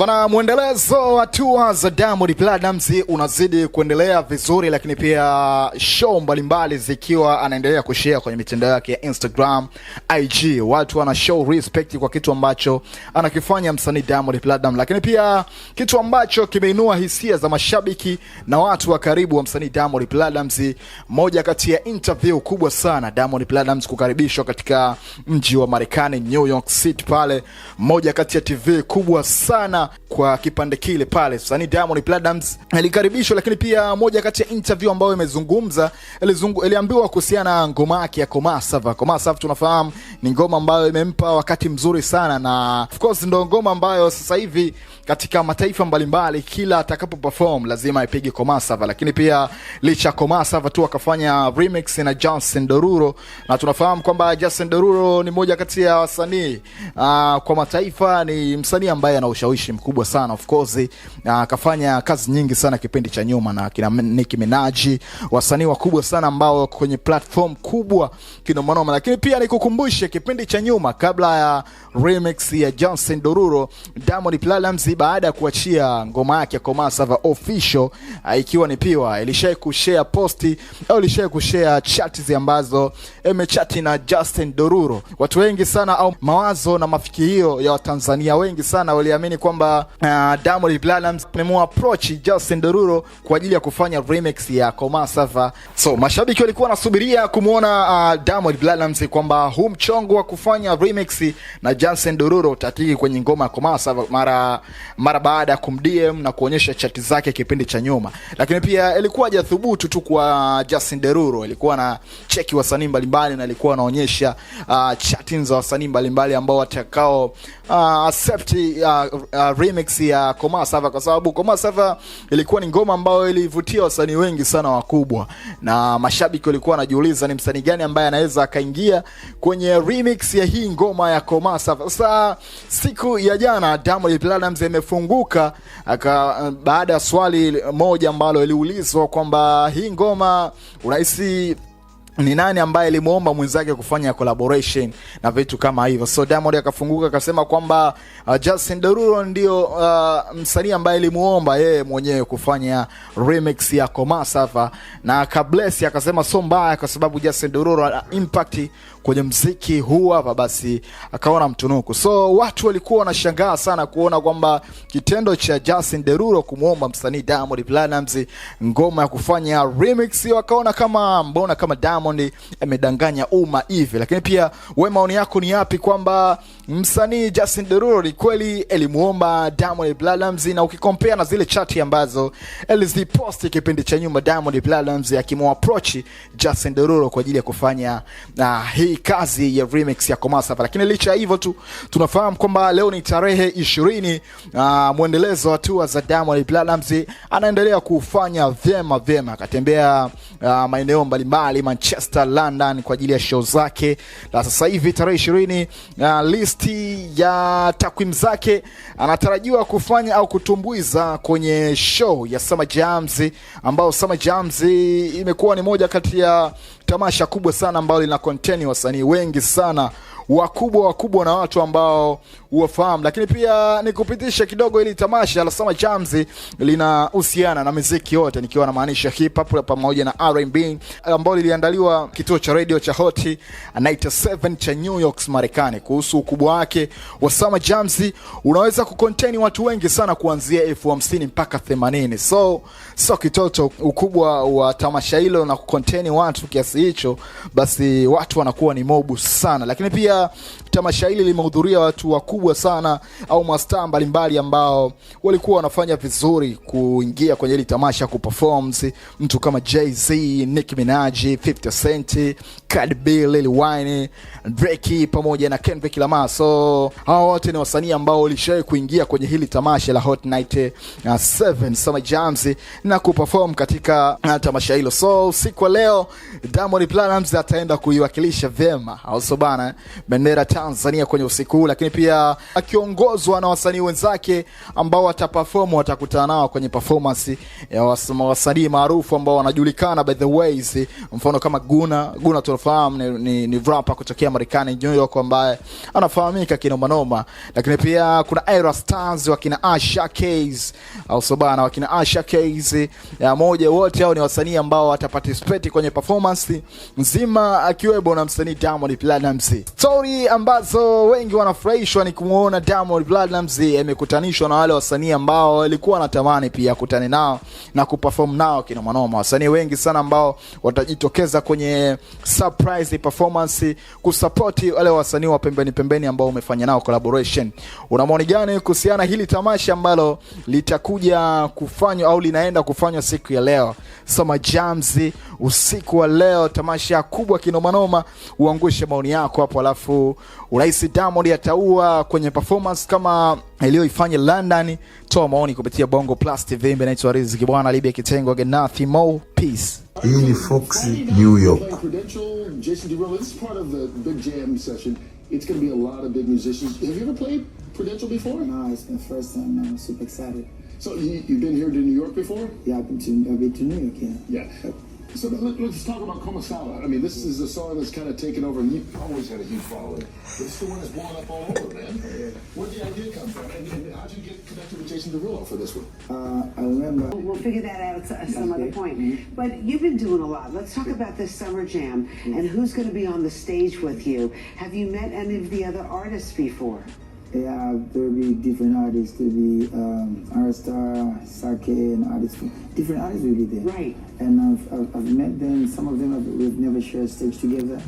Bana, mwendelezo wa tour za Diamond Platnumz unazidi kuendelea vizuri, lakini pia show mbalimbali zikiwa anaendelea kushare kwenye mitandao yake ya Instagram, IG. Watu wana show respect kwa kitu ambacho anakifanya msanii Diamond Platnumz, lakini pia kitu ambacho kimeinua hisia za mashabiki na watu wa karibu wa msanii Diamond Platnumz. Moja kati ya interview kubwa sana Diamond Platnumz kukaribishwa katika mji wa Marekani New York City pale, moja kati ya TV kubwa sana kwa kipande kile pale. Msanii Diamond Platnumz alikaribishwa, lakini pia moja kati ya interview ambayo imezungumza ilizungu, iliambiwa kuhusiana na ngoma yake ya Komasava. Komasava tunafahamu ni ngoma ambayo imempa wakati mzuri sana, na of course ndo ngoma ambayo sasa hivi katika mataifa mbalimbali kila atakapo perform lazima ipige Komasava, lakini pia licha Komasava tu akafanya remix na Justin Deruro, na tunafahamu kwamba Justin Deruro ni moja kati ya wasanii uh, kwa mataifa, ni msanii ambaye ana ushawishi mkubwa sana of course. Akafanya uh, kazi nyingi sana kipindi cha nyuma na kina Nicki Minaj, wasanii wakubwa sana ambao wako kwenye platform kubwa kinomanoma. Lakini pia nikukumbushe kipindi cha nyuma, kabla ya remix ya Johnson Doruro, Diamond Platnumz baada ya kuachia ngoma yake Koma Sava official, ah, ikiwa ni piwa, ilishai kushare posti au uh, ilishai kushare chats ambazo imechati na Justin Doruro. Watu wengi sana au mawazo na mafikirio ya Watanzania wengi sana waliamini kwamba kwamba uh, Diamond Platnumz amemwapproach Justin Derulo kwa ajili ya kufanya remix ya Koma Sava. So mashabiki walikuwa wanasubiria kumwona uh, Diamond Platnumz kwamba huu mchongo wa kufanya remix na Justin Derulo utatiki kwenye ngoma ya Koma Sava mara mara baada ya kumdm na kuonyesha chati zake kipindi cha nyuma, lakini pia ilikuwa hajathubutu tu kwa Justin Derulo, ilikuwa na cheki wasanii mbalimbali na ilikuwa anaonyesha uh, chatting za wasanii mbalimbali ambao watakao uh, accept uh, uh, remix ya Koma Sava, kwa sababu Koma Sava ilikuwa ni ngoma ambayo ilivutia wasanii wengi sana wakubwa, na mashabiki walikuwa wanajiuliza ni msanii gani ambaye anaweza akaingia kwenye remix ya hii ngoma ya Koma Sava. Sasa siku ya jana Diamond Platnumz imefunguka aka, baada ya swali moja ambalo iliulizwa kwamba hii ngoma unahisi ni nani ambaye alimuomba mwenzake kufanya collaboration na vitu kama hivyo. So Diamond akafunguka akasema kwamba uh, Justin Derulo ndio uh, msanii ambaye alimuomba yeye mwenyewe kufanya remix ya Koma na Kablesi akasema so mbaya, kwa sababu Justin Derulo ana impact kwenye mziki huu hapa, basi akaona mtunuku. So watu walikuwa wanashangaa sana kuona kwamba kitendo cha Justin deruro kumwomba msanii Diamond Platnumz ngoma ya kufanya remix, wakaona kama mbona kama Diamond amedanganya umma hivi. Lakini pia we, maoni yako ni yapi kwamba msanii Justin deruro ni kweli alimuomba Diamond Platnumz, na ukikompea na zile chati ambazo aliziposti kipindi cha nyuma Diamond Platnumz akimwa approach Justin deruro kwa ajili ya kufanya na ah, hii hii kazi ya remix ya Komasafa. Lakini licha ya hivyo tu tunafahamu kwamba leo ni tarehe ishirini. Uh, mwendelezo wa tour za Diamond Platnumz anaendelea kufanya vyema vyema, akatembea uh, maeneo mbalimbali Manchester, London kwa ajili ya show zake, na sasa hivi tarehe ishirini uh, ah, listi ya takwimu zake anatarajiwa kufanya au kutumbuiza kwenye show ya sama Jams, ambao sama Jams imekuwa ni moja kati ya tamasha kubwa sana ambalo lina contain wasanii wengi sana wakubwa wakubwa na watu ambao uwafahamu. Lakini pia nikupitisha kidogo, ili tamasha la Summer Jams linahusiana na muziki yote, nikiwa na maanisha hip hop pamoja na R&B, ambao liliandaliwa kituo cha radio cha Hot 97 cha New York Marekani. Kuhusu ukubwa wake wa Summer Jams, unaweza kucontain watu wengi sana kuanzia elfu hamsini mpaka 80. So so kitoto ukubwa wa tamasha hilo na kucontain watu kiasi hicho, basi watu wanakuwa ni mobu sana, lakini pia tamasha hili limehudhuria watu wakubwa sana au mastaa mbalimbali ambao walikuwa wanafanya vizuri kuingia kwenye hili tamasha kuperform, mtu kama jz nick Minaj, 50 Cent, Cardi B, Lil Wayne, Drake pamoja na Kendrick Lamar. So hawa wote ni wasanii ambao walishawahi kuingia kwenye hili tamasha la Hot Night uh, seven Summer Jams na kuperform katika uh, tamasha hilo. So siku leo Diamond Platnumz ataenda kuiwakilisha vyema, au so bana bendera Tanzania kwenye usiku huu, lakini pia akiongozwa na wasanii wenzake ambao wataperform, watakutana nao kwenye performance ya wasanii maarufu ambao wanajulikana by the ways, mfano kama Guna. Guna tunafahamu ni, ni, ni rapper kutokea Marekani New York, ambaye anafahamika kinoma noma, lakini pia kuna Aira Stars wakina Asha Keys au sobana wakina Asha Keys ya moja, wote hao ni wasanii ambao wataparticipate kwenye performance nzima, akiwemo na msanii Diamond Platnumz so stori ambazo wengi wanafurahishwa ni kumwona Diamond Platnumz amekutanishwa na wale wasanii ambao walikuwa wanatamani pia kutane nao na kuperform nao kina manoma. Wasanii wengi sana ambao watajitokeza kwenye surprise performance kusupport wale wasanii wa pembeni pembeni ambao umefanya nao collaboration. Una maoni gani kuhusiana hili tamasha ambalo litakuja kufanywa au linaenda kufanywa siku ya leo Soma Jams usiku wa leo, tamasha kubwa kina Manoma? Uangushe maoni yako hapo alafu alafu urahisi Diamond ataua kwenye performance kama iliyoifanya London. Toa maoni kupitia Bongo Plus TV. mbe naitwa Riziki Bwana libia Kitengo Genathi Mo Peace. Hii ni Fox New York. It's be a lot of big musicians. Have you ever played Prudential before? No, it's my first time. I'm super excited. So you, you've been here to New York before? Yeah, I've been to, I've been to New York, yeah. Yeah. So let, us talk about Komisawa. I mean, this is a song that's kind of taken over, and you've always had a huge following. But it's the one that's blowing up all over, man. Where'd the idea come from? And, and how'd you get connected with Jason Derulo for this one? Uh, I remember. We'll, we'll figure that out at some other point. Mm -hmm. But you've been doing a lot. Let's talk about this summer jam mm -hmm. and who's going to be on the stage with you. Have you met any of the other artists before? yeah, there'll be different artists. There'll be um, Aristar, Sake, and artists. Different artists will be there. Right. And I've, I've, I've met them. Some of them have, we've never shared stage together,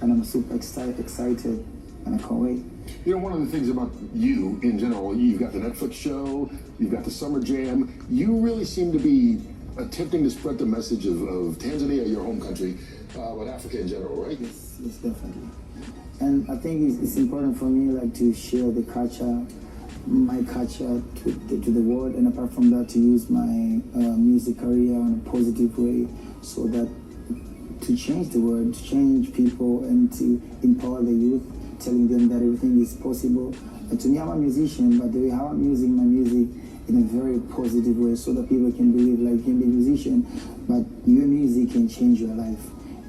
and I'm super excited, excited, and I can't wait. You know, one of the things about you in general, you've got the Netflix show, you've got the Summer Jam. You really seem to be attempting to spread the message of, of Tanzania, your home country, uh, but Africa in general, right? Yes, yes, definitely and I think it's, it's, important for me like to share the culture, my culture to, to the world, and apart from that, to use my uh, music career in a positive way, so that to change the world, to change people, and to empower the youth, telling them that everything is possible. And to me, I'm a musician, but the way how I'm using my music in a very positive way, so that people can believe like you can be a musician, but your music can change your life.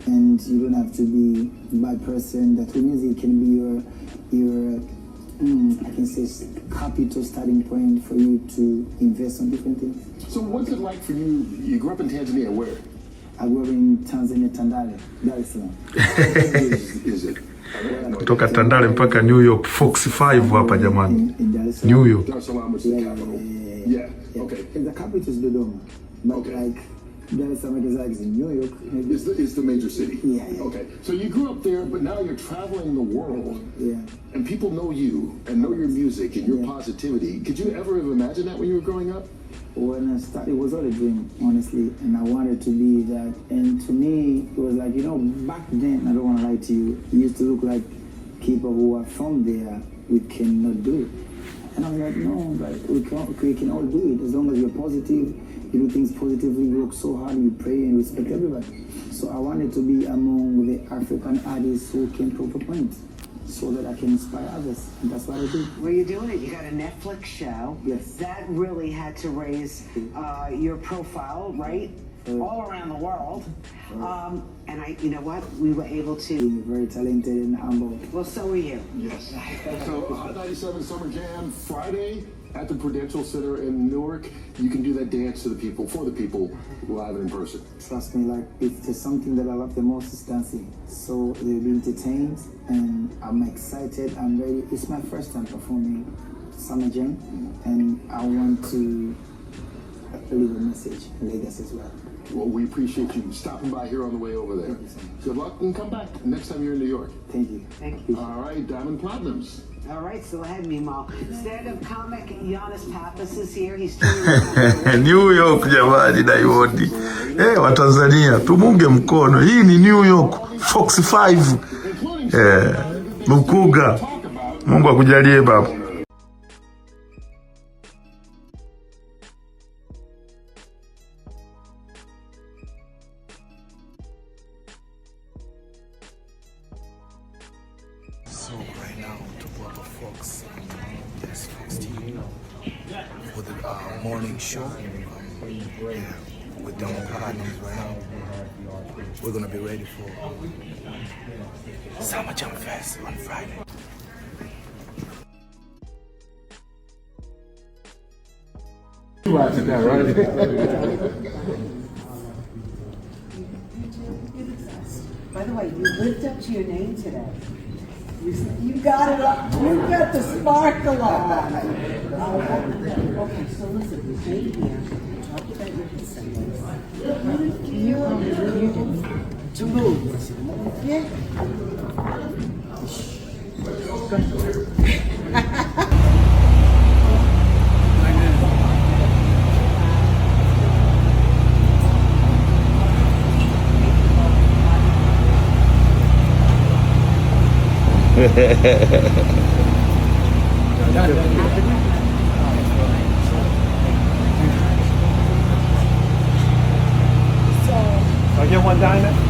and you don't have to be a bad person. That the music can be your your mm, I can say capital starting point for you to invest on different things. So what's it like for you? You grew up in Tanzania. Where? I grew up in Tanzania, Tandale, Dar es Salaam. is, it? Kutoka Tandale mpaka New York Fox 5 hapa jamani. New York. yeah, Yeah. yeah. yeah. Okay. And the capital is Dodoma. But okay. like Dennis is in New York. It's the, is the major city? Yeah, yeah. Okay. So you grew up there, but now you're traveling the world. Yeah. And people know you and know your music and your yeah. positivity. Could you ever have imagined that when you were growing up? When I started, it was all a dream, honestly, and I wanted to be that. And to me, it was like, you know, back then, I don't want to lie to you, it used to look like people who are from there, we cannot do it. And I'm like, no, but we, can, we can all do it as long as we're positive you do things positively, work so hard, You pray and respect everybody. So I wanted to be among the African artists who came to a point so that I can inspire others. And that's what I do. Well, you're doing it. You got a Netflix show. Yes. That really had to raise uh, your profile, right? Uh, All around the world. Uh, um, and I, you know what? We were able to. very talented and humble. Well, so are you. Yes. so, Hot uh, 97 Summer Jam Friday at the Prudential Center in Newark. You can do that dance to the people, for the people, live and in person. Trust me, like, if there's something that I love the most, is dancing. So they'll be entertained, and I'm excited, I'm ready. It's my first time performing Summer Jam, and I want to leave a message, legacy as well. Well, we appreciate you stopping by here on the way over there. Good luck and come back next time you're in New York. Thank you. Thank you. All right, Diamond Platinums. All right, so ahead, me Stand-up comic Giannis Pappas is here. He's New York jamani, Diamond. Eh, Watanzania, tumunge mkono. Hii ni New York Fox 5. Eh, Lukuga. Mungu akujalie baba. So right now, to go the Fox, yes, Fox TV for the uh, morning show. Um, yeah, with them partners right now. We're gonna be ready for Summer Jam Fest on Friday. Watching that, right? By the way, you lived up to your name today. You got it. You've got the sparkle on. All right. Okay, so listen, we came here, about your You- to move. Yeah. Go ahead. I get one diamond?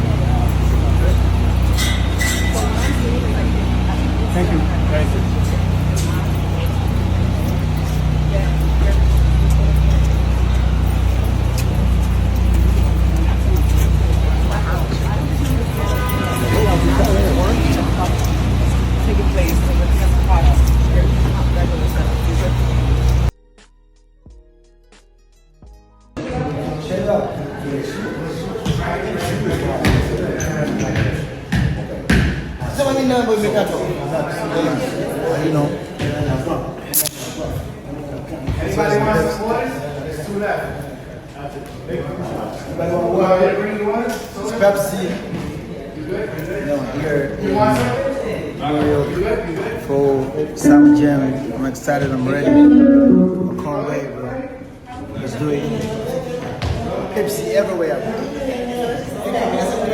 Anybody wants to Anybody want you one? It's Pepsi. You good? You good? No, here. You want for Sam Jam. I'm excited. I'm ready. I can't wait, bro. Let's do it. Pepsi everywhere.